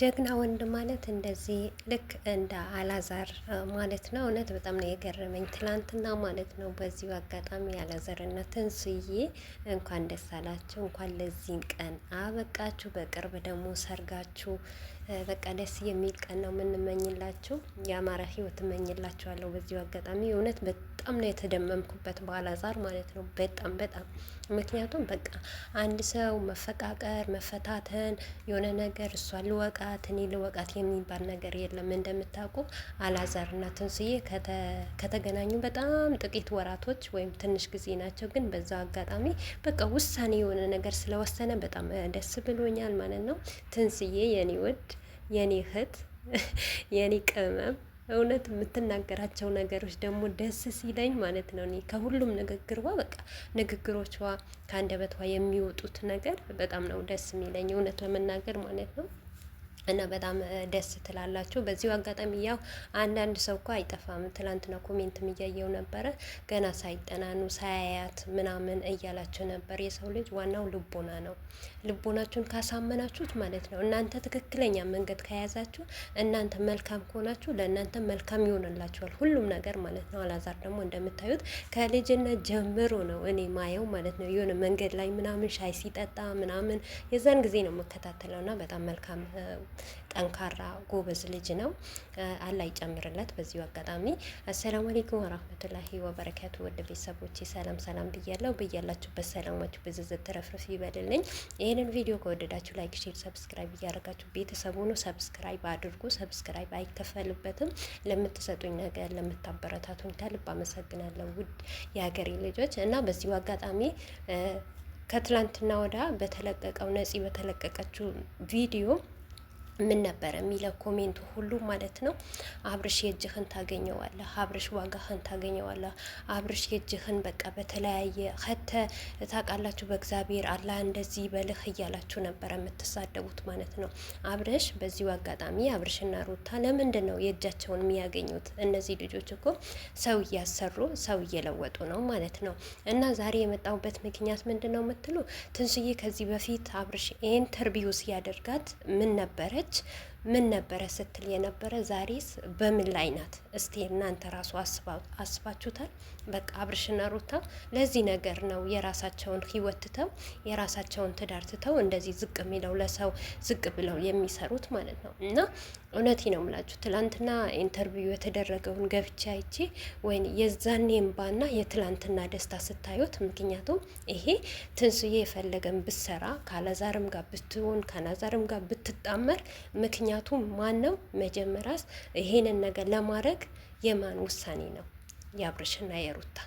ጀግና ወንድ ማለት እንደዚህ ልክ እንደ አላዛር ማለት ነው። እውነት በጣም ነው የገረመኝ ትላንትና ማለት ነው። በዚሁ አጋጣሚ አላዛርና ትንሱዬ እንኳን ደስ አላችሁ፣ እንኳን ለዚህ ቀን አበቃችሁ። በቅርብ ደግሞ ሰርጋችሁ በቃ ደስ የሚል ቀን ነው የምንመኝላችሁ። የአማራ ህይወት እመኝላችኋለሁ። በዚሁ አጋጣሚ እውነት በጣም ነው የተደመምኩበት በአላዛር ማለት ነው። በጣም በጣም ምክንያቱም በቃ አንድ ሰው መፈቃቀር፣ መፈታተን የሆነ ነገር እሷ ልወቃት እኔ ልወቃት የሚባል ነገር የለም። እንደምታውቁ አላዛር እና ትንስዬ ከተገናኙ በጣም ጥቂት ወራቶች ወይም ትንሽ ጊዜ ናቸው። ግን በዛው አጋጣሚ በቃ ውሳኔ የሆነ ነገር ስለወሰነ በጣም ደስ ብሎኛል ማለት ነው። ትንስዬ የኔ ውድ የኔ እህት የኔ ቅመም እውነት የምትናገራቸው ነገሮች ደግሞ ደስ ሲለኝ ማለት ነው። እኔ ከሁሉም ንግግሯ በቃ ንግግሮቿ ከአንደበቷ የሚወጡት ነገር በጣም ነው ደስ የሚለኝ እውነት ለመናገር ማለት ነው። እና በጣም ደስ ትላላችሁ። በዚሁ አጋጣሚ ያው አንዳንድ ሰው እኮ አይጠፋም። ትላንትና ኮሜንትም እያየው ነበረ ገና ሳይጠናኑ ሳያያት ምናምን እያላቸው ነበር። የሰው ልጅ ዋናው ልቦና ነው። ልቦናችሁን ካሳመናችሁት ማለት ነው እናንተ ትክክለኛ መንገድ ከያዛችሁ፣ እናንተ መልካም ከሆናችሁ ለእናንተ መልካም ይሆንላችኋል ሁሉም ነገር ማለት ነው። አላዛር ደግሞ እንደምታዩት ከልጅነት ጀምሮ ነው እኔ ማየው ማለት ነው። የሆነ መንገድ ላይ ምናምን ሻይ ሲጠጣ ምናምን የዛን ጊዜ ነው የምከታተለው በጣም መልካም ጠንካራ ጎበዝ ልጅ ነው። አላህ ይጨምርለት። በዚሁ አጋጣሚ አሰላሙ አሌይኩም ወራህመቱላሂ ወበረካቱ። ወደ ቤተሰቦች ሰላም ሰላም ብያለሁ። ብያላችሁበት ሰላማችሁ ብዝዝት ትረፍርፍ ይበልልኝ። ይህንን ቪዲዮ ከወደዳችሁ ላይክ፣ ሼር፣ ሰብስክራይብ እያደረጋችሁ ቤተሰቡ ነው ሰብስክራይብ አድርጉ። ሰብስክራይብ አይከፈልበትም። ለምትሰጡኝ ነገር ለምታበረታቱኝ ከልብ አመሰግናለሁ ውድ የሀገሬ ልጆች እና በዚሁ አጋጣሚ ከትላንትና ወዳ በተለቀቀው ነፂ በተለቀቀችው ቪዲዮ ምን ነበረ የሚለው ኮሜንቱ ሁሉ ማለት ነው። አብርሽ የእጅህን ታገኘዋለህ፣ አብርሽ ዋጋህን ታገኘዋለህ፣ አብርሽ የእጅህን በቃ በተለያየ ከተ ታውቃላችሁ፣ በእግዚአብሔር አላህ እንደዚህ በልህ እያላችሁ ነበረ የምትሳደቡት ማለት ነው። አብርሽ በዚሁ አጋጣሚ አብርሽና ሩታ ለምንድን ነው የእጃቸውን የሚያገኙት? እነዚህ ልጆች እኮ ሰው እያሰሩ ሰው እየለወጡ ነው ማለት ነው። እና ዛሬ የመጣሁበት ምክንያት ምንድን ነው የምትሉ ትንሽዬ ከዚህ በፊት አብርሽ ኢንተርቪው ሲያደርጋት ምን ነበረች much ምን ነበረ ስትል የነበረ ዛሬስ በምን ላይ ናት? እስቲ እናንተ ራሱ አስባችሁታል? በቃ አብርሽና ሩታ ለዚህ ነገር ነው የራሳቸውን ህይወት ትተው የራሳቸውን ትዳር ትተው እንደዚህ ዝቅ የሚለው ለሰው ዝቅ ብለው የሚሰሩት ማለት ነው። እና እውነቴ ነው የምላችሁ ትላንትና ኢንተርቪው የተደረገውን ገብቼ አይቼ ወይ የዛኔ እምባና የትላንትና ደስታ ስታዩት፣ ምክንያቱም ይሄ ትንሱዬ የፈለገን ብትሰራ ካላዛርም ጋር ብትሆን ካላዛርም ጋር ብትጣመር ምክንያቱ ምክንያቱም ማነው መጀመሪያስ ይሄንን ነገር ለማድረግ የማን ውሳኔ ነው? የአብርሽና የሩታ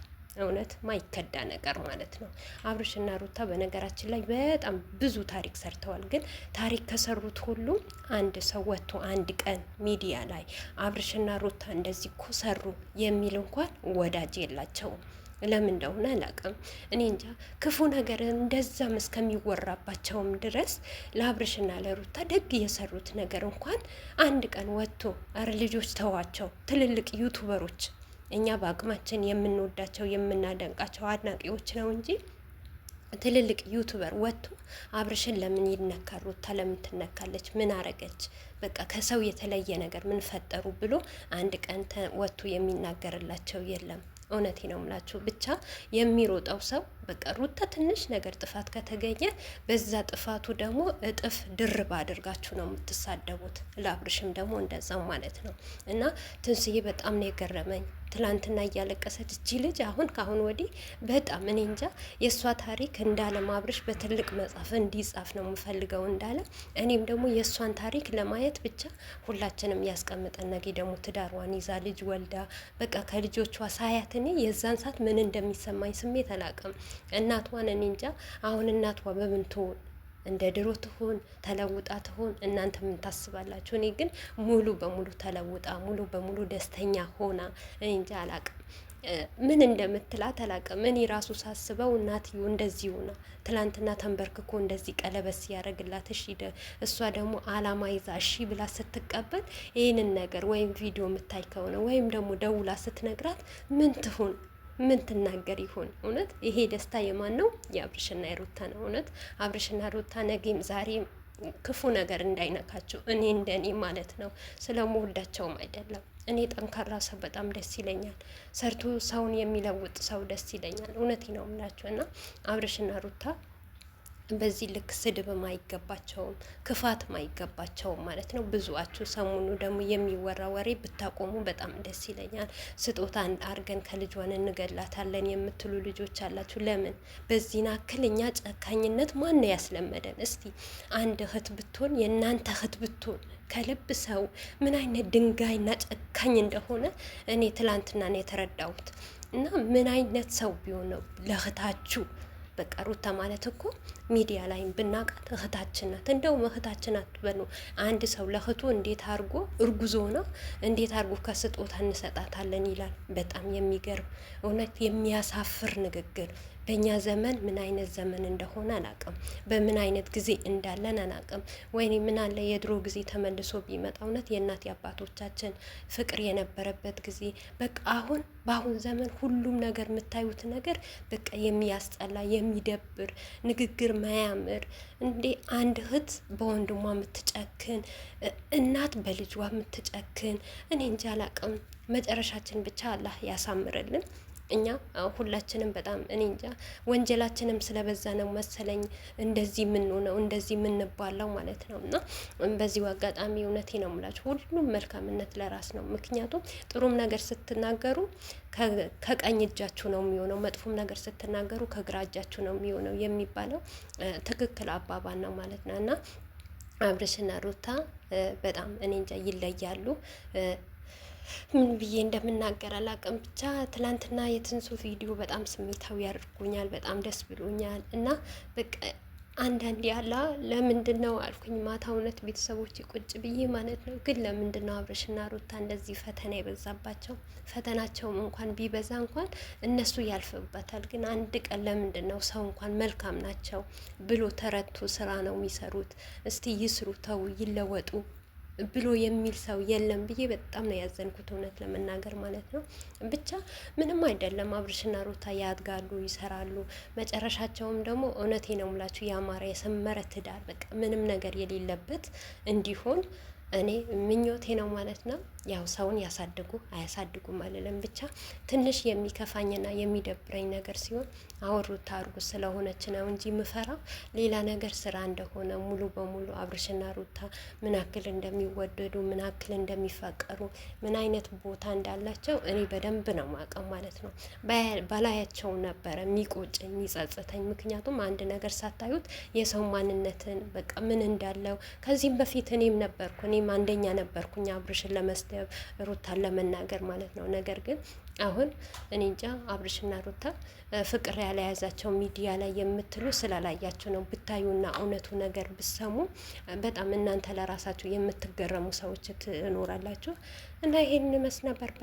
እውነት ማይከዳ ነገር ማለት ነው። አብርሽና ሩታ በነገራችን ላይ በጣም ብዙ ታሪክ ሰርተዋል። ግን ታሪክ ከሰሩት ሁሉ አንድ ሰው ወጥቶ አንድ ቀን ሚዲያ ላይ አብርሽና ሩታ እንደዚህ እኮ ሰሩ የሚል እንኳን ወዳጅ የላቸውም። ለምን እንደሆነ አላውቅም። እኔ እንጃ ክፉ ነገር እንደዛም እስከሚወራባቸውም ድረስ ለአብርሽና ለሩታ ደግ የሰሩት ነገር እንኳን አንድ ቀን ወጥቶ አረ ልጆች ተዋቸው፣ ትልልቅ ዩቱበሮች እኛ በአቅማችን የምንወዳቸው የምናደንቃቸው አድናቂዎች ነው እንጂ ትልልቅ ዩቱበር ወጥቶ አብርሽን ለምን ይነካል? ሩታ ለምን ትነካለች? ምን አረገች? በቃ ከሰው የተለየ ነገር ምን ፈጠሩ ብሎ አንድ ቀን ወጥቶ የሚናገርላቸው የለም። እውነቴ ነው የምላችሁ። ብቻ የሚሮጠው ሰው በቃ ሩታ ትንሽ ነገር ጥፋት ከተገኘ በዛ ጥፋቱ ደግሞ እጥፍ ድርብ አድርጋችሁ ነው የምትሳደቡት። ለአብርሽም ደግሞ እንደዛው ማለት ነው እና ትንስዬ በጣም ነው የገረመኝ። ትላንትና እያለቀሰች እቺ ልጅ አሁን ከአሁን ወዲህ በጣም እኔ እንጃ የእሷ ታሪክ እንዳለ ማብረሽ በትልቅ መጽሐፍ እንዲጻፍ ነው የምፈልገው እንዳለ እኔም ደግሞ የእሷን ታሪክ ለማየት ብቻ ሁላችንም ያስቀምጠን። ነገ ደግሞ ትዳሯን ይዛ ልጅ ወልዳ በቃ ከልጆቿ ሳያት እኔ የዛን ሰዓት ምን እንደሚሰማኝ ስሜት አላቅም እናቷን እኔ እንጃ አሁን እናቷ በምን ትሆን እንደ ድሮ ትሆን ተለውጣ ትሆን? እናንተ ምን ታስባላችሁ? እኔ ግን ሙሉ በሙሉ ተለውጣ ሙሉ በሙሉ ደስተኛ ሆና እንጂ አላቅም ምን እንደምትላት አላቅም። እኔ ራሱ ሳስበው እናትዮ እንደዚህ ሆና ትላንትና ተንበርክኮ እንደዚህ ቀለበት ሲያደርግላት እሺ፣ እሷ ደግሞ አላማ ይዛ እሺ ብላ ስትቀበል ይህንን ነገር ወይም ቪዲዮ የምታይ ከሆነ ወይም ደግሞ ደውላ ስትነግራት ምን ትሁን ምን ትናገር ይሆን? እውነት ይሄ ደስታ የማን ነው? የአብርሽና የሩታ ነው። እውነት አብርሽና ሩታ ነገም ዛሬም ክፉ ነገር እንዳይነካቸው እኔ እንደኔ ማለት ነው። ስለምወዳቸውም አይደለም እኔ ጠንካራ ሰው በጣም ደስ ይለኛል። ሰርቶ ሰውን የሚለውጥ ሰው ደስ ይለኛል። እውነቴ ነው የምላችሁ እና አብርሽና ሩታ በዚህ ልክ ስድብም አይገባቸውም፣ ክፋትም አይገባቸውም ማለት ነው። ብዙዋችሁ ሰሞኑ ደግሞ የሚወራ ወሬ ብታቆሙ በጣም ደስ ይለኛል። ስጦታ አርገን ከልጇን እንገላታለን የምትሉ ልጆች አላችሁ። ለምን በዚህን አክል ጨካኝነት ማን ያስለመደን? እስቲ አንድ እህት ብትሆን የእናንተ እህት ብትሆን ከልብ ሰው ምን አይነት ድንጋይና ጨካኝ እንደሆነ እኔ ትላንትና ነው የተረዳሁት። እና ምን አይነት ሰው ቢሆን ነው ለእህታችሁ በቃ ሩታ ማለት እኮ ሚዲያ ላይም ብናቃት እህታችን ናት። እንደውም እህታችን ናት አንድ ሰው ለእህቱ እንዴት አርጎ እርጉዞ ነው እንዴት አርጎ ከስጦታ እንሰጣታለን ይላል። በጣም የሚገርም እውነት የሚያሳፍር ንግግር በእኛ ዘመን ምን አይነት ዘመን እንደሆነ አላቅም። በምን አይነት ጊዜ እንዳለን አላቅም። ወይኔ ምን አለ የድሮ ጊዜ ተመልሶ ቢመጣ እውነት የእናት የአባቶቻችን ፍቅር የነበረበት ጊዜ። በቃ አሁን በአሁን ዘመን ሁሉም ነገር የምታዩት ነገር በቃ የሚያስጠላ የሚደብር ንግግር ማያምር እንዴ! አንድ እህት በወንድሟ የምትጨክን እናት በልጇ የምትጨክን እኔ እንጃ አላቅም። መጨረሻችን ብቻ አላህ ያሳምርልን። እኛ ሁላችንም በጣም እኔ እንጃ ወንጀላችንም ስለበዛ ነው መሰለኝ እንደዚህ የምንሆነው እንደዚህ የምንባለው ማለት ነው። እና በዚሁ አጋጣሚ እውነቴ ነው የምላችሁ ሁሉም መልካምነት ለራስ ነው። ምክንያቱም ጥሩም ነገር ስትናገሩ ከቀኝ እጃችሁ ነው የሚሆነው፣ መጥፎም ነገር ስትናገሩ ከግራ እጃችሁ ነው የሚሆነው የሚባለው ትክክል አባባል ነው ማለት ነው እና አብርሽና ሩታ በጣም እኔ እንጃ ይለያሉ። ምን ብዬ እንደምናገር አላውቅም። ብቻ ትላንትና የትንሱ ቪዲዮ በጣም ስሜታዊ ያደርጎኛል። በጣም ደስ ብሎኛል እና በቃ አንዳንድ ያላ ለምንድን ነው አልኩኝ። ማታ እውነት ቤተሰቦች ቁጭ ብዬ ማለት ነው። ግን ለምንድን ነው አብረሽና ሩታ እንደዚህ ፈተና የበዛባቸው? ፈተናቸውም እንኳን ቢበዛ እንኳን እነሱ ያልፍበታል። ግን አንድ ቀን ለምንድን ነው ሰው እንኳን መልካም ናቸው ብሎ ተረቱ። ስራ ነው የሚሰሩት። እስቲ ይስሩ፣ ተው፣ ይለወጡ። ብሎ የሚል ሰው የለም ብዬ በጣም ነው ያዘንኩት፣ እውነት ለመናገር ማለት ነው። ብቻ ምንም አይደለም። አብርሽና ሩታ ያድጋሉ፣ ይሰራሉ። መጨረሻቸውም ደግሞ እውነቴ ነው ምላችሁ ያማረ የሰመረ ትዳር በቃ ምንም ነገር የሌለበት እንዲሆን እኔ ምኞቴ ነው ማለት ነው። ያው ሰውን ያሳድጉ አያሳድጉም አልልም፣ ብቻ ትንሽ የሚከፋኝና የሚደብረኝ ነገር ሲሆን አወሩ እርጉዝ ስለሆነች ነው እንጂ ምፈራው ሌላ ነገር ስራ እንደሆነ ሙሉ በሙሉ አብርሽና ሩታ ምን አክል እንደሚወደዱ ምን አክል እንደሚፈቀሩ ምን አይነት ቦታ እንዳላቸው እኔ በደንብ ነው ማቀም ማለት ነው። ባላያቸው ነበረ የሚቆጭ የሚጸጽተኝ። ምክንያቱም አንድ ነገር ሳታዩት የሰው ማንነትን በቃ ምን እንዳለው ከዚህም በፊት እኔም ነበርኩ እኔም አንደኛ ነበርኩኝ አብርሽን ለመስደብ ሩታን ለመናገር ማለት ነው። ነገር ግን አሁን እኔ እንጃ አብርሽና ሩታ ፍቅር ያለያዛቸው ሚዲያ ላይ የምትሉ ስላላያቸው ነው። ብታዩና እውነቱ ነገር ብሰሙ በጣም እናንተ ለራሳችሁ የምትገረሙ ሰዎች ትኖራላችሁ እና ይሄን ይመስል ነበር።